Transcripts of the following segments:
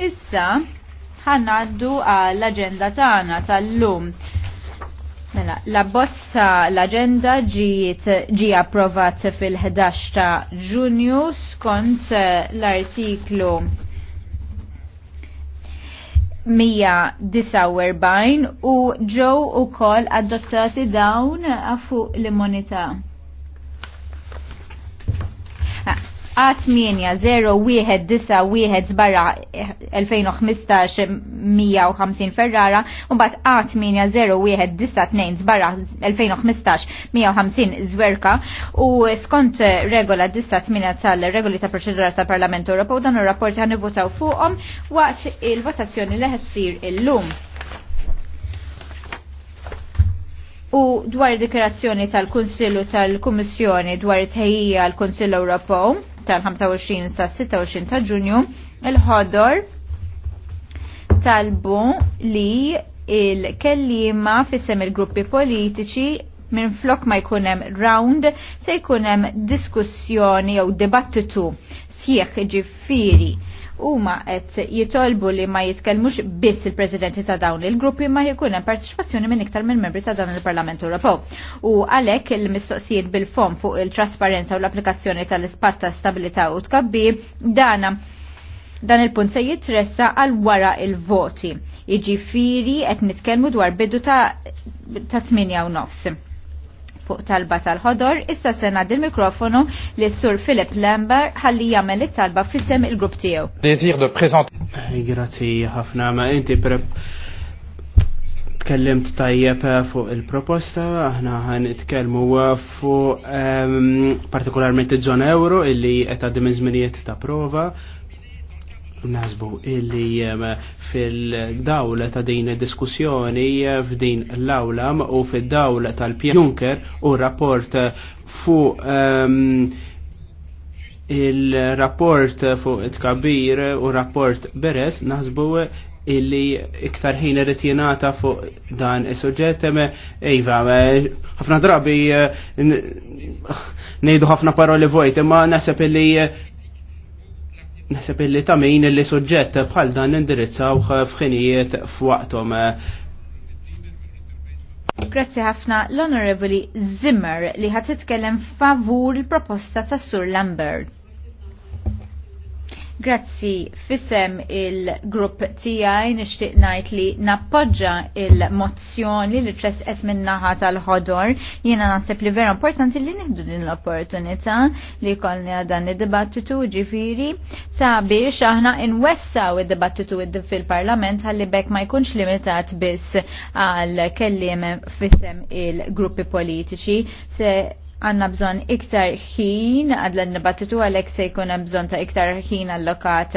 Issa, ħannaddu għall-agenda tagħna tal-lum. Mela, l-abbozz ta' l-agenda ġi approvat fil-11 ta' Ġunju skont eh, l-artiklu 149 u ġew ukoll adottati dawn fuq l-immunità. a 8 0 barra 2015-150 Ferrara u bat a 8 0 barra 2015-150 Zwerka u skont eh, regola 18 tal-regoli ta' proċedura ta' Parlament Ewropew dan ir-rapport għan votaw fuqhom waqt il-votazzjoni li ħessir illum. U dwar id-dikarazzjoni tal-Kunsillu tal-Kummissjoni dwar it-ħejja l-Kunsill Ewropew, tal-25 sa 26 ta' ġunju il-ħodor talbu li il-kellima fissem il-gruppi politiċi minn flok ma jkunem round se jkunem diskussjoni jew dibattitu sieħ ġifiri huma qed jitolbu li ma jitkellmux biss il-presidenti ta' dawn il-gruppi ma jkun hemm partecipazzjoni minn iktar minn membri ta' dan il-Parlament Ewropew. U għalhekk il-mistoqsijiet bil-fond fuq il-trasparenza u l-applikazzjoni tal-ispatt ta' stabilità u tkabbi dana dan il-punt se jitressa għal wara il-voti. Iġifiri qed nitkellmu dwar bidu ta' ta' 8 u nofs fuq talba tal-ħodor, issa sena dil mikrofonu li sur Philip Lambert ħalli jagħmel it-talba fissem il-grupp tiegħu. Desir de prezent. Eh, grazzi ħafna ma inti prep tkellimt tajjeb fuq il-proposta, aħna ħan itkellmu fuq ehm, partikolarment il-ġon euro illi qed għaddim iż-żminijiet ta' prova, nasbu illi fil-dawla ta' din diskussjoni f'din l-awla u fil-dawla tal-Pjan Juncker u rapport fuq um, il-rapport fuq it-kabir u rapport beres nasbu illi iktar ħin irid jingħata fuq dan is-suġġett ejva ħafna drabi ngħidu ħafna paroli vojt ma nasab illi Nasib ta' tamin li soġġett bħal dan indirizzaw f'ħinijiet f'waqtom. Grazzi ħafna l-Onorevoli Zimmer li ħat titkellem favur il-proposta ta' Sur Lambert. Grazzi, fissem il-grupp tijaj nishtiq najt li nappoġġa il-mozzjoni li et minnaħa tal-ħodor. Jiena naħseb li vera importanti li nihdu din l-opportunità li kolni dan id-dibattitu ġifiri sabiex aħna inwessaw id-dibattitu fil-parlament għalli bekk ma jkunx limitat biss għal kellim fissem il-gruppi politiċi se għanna bżon iktar ħin għad l nibattitu għalek se jkun bżon ta' iktar ħin allokat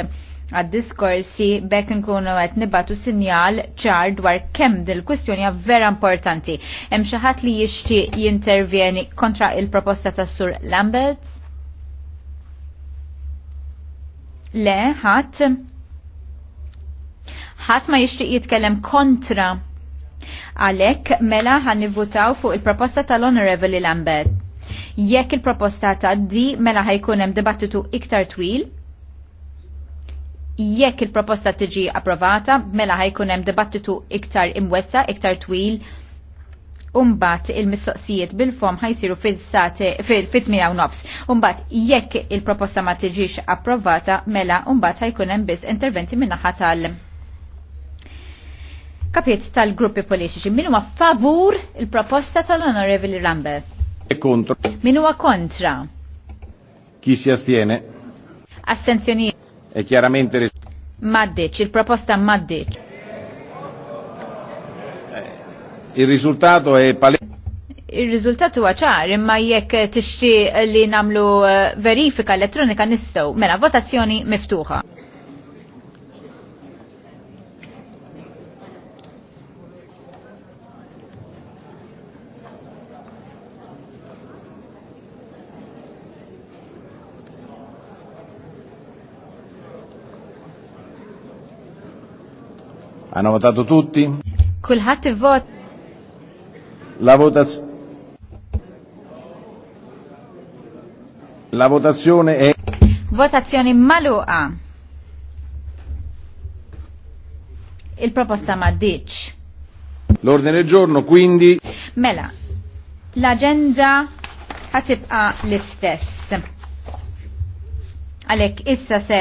għad-diskorsi bekk nkunu għet nibatu sinjal ċar dwar kemm dil-kwistjoni vera importanti. Hemm xi ħadd li jixtieq jintervjeni kontra il-proposta ta' Sur Lambert? Le, ħadd ħadd ma jixtieq jitkellem kontra Għalek, mela ħan nivvutaw fuq il-proposta tal-Honorable Lambert. Jekk il-proposta tgħaddi mela ħajkun hemm dibattitu iktar twil, jekk il-proposta tiġi approvata, mela ħajkun hemm dibattitu iktar imwessa, iktar twil, Umbat il-mistoqsijiet bil-fom ħajsiru fil u nofs. Umbat jekk il-proposta ma tiġix approvata, mela umbat ħajkun hemm biss interventi minnaħa tal- Kapiet tal-gruppi politiċi, min huma favur il-proposta tal-Onorevoli Rambert. Kontru. E Min huwa kontra? Chi si astiene? Astenzioni. E chiaramente Maddiċ, il-proposta Eh, Il risultato è palese. Il risultato huwa ċar, imma jekk tixtieq li namlu eh, verifika elettronika nistgħu mela votazzjoni miftuħa. Hanno votato tutti? Kulħadd vot La votazione La votazione è Votazione maluqa. Il-proposta ma ditx. L'ordine del giorno quindi Mela, L'agenda agenda ħatibqa l-istess. Għalek issa se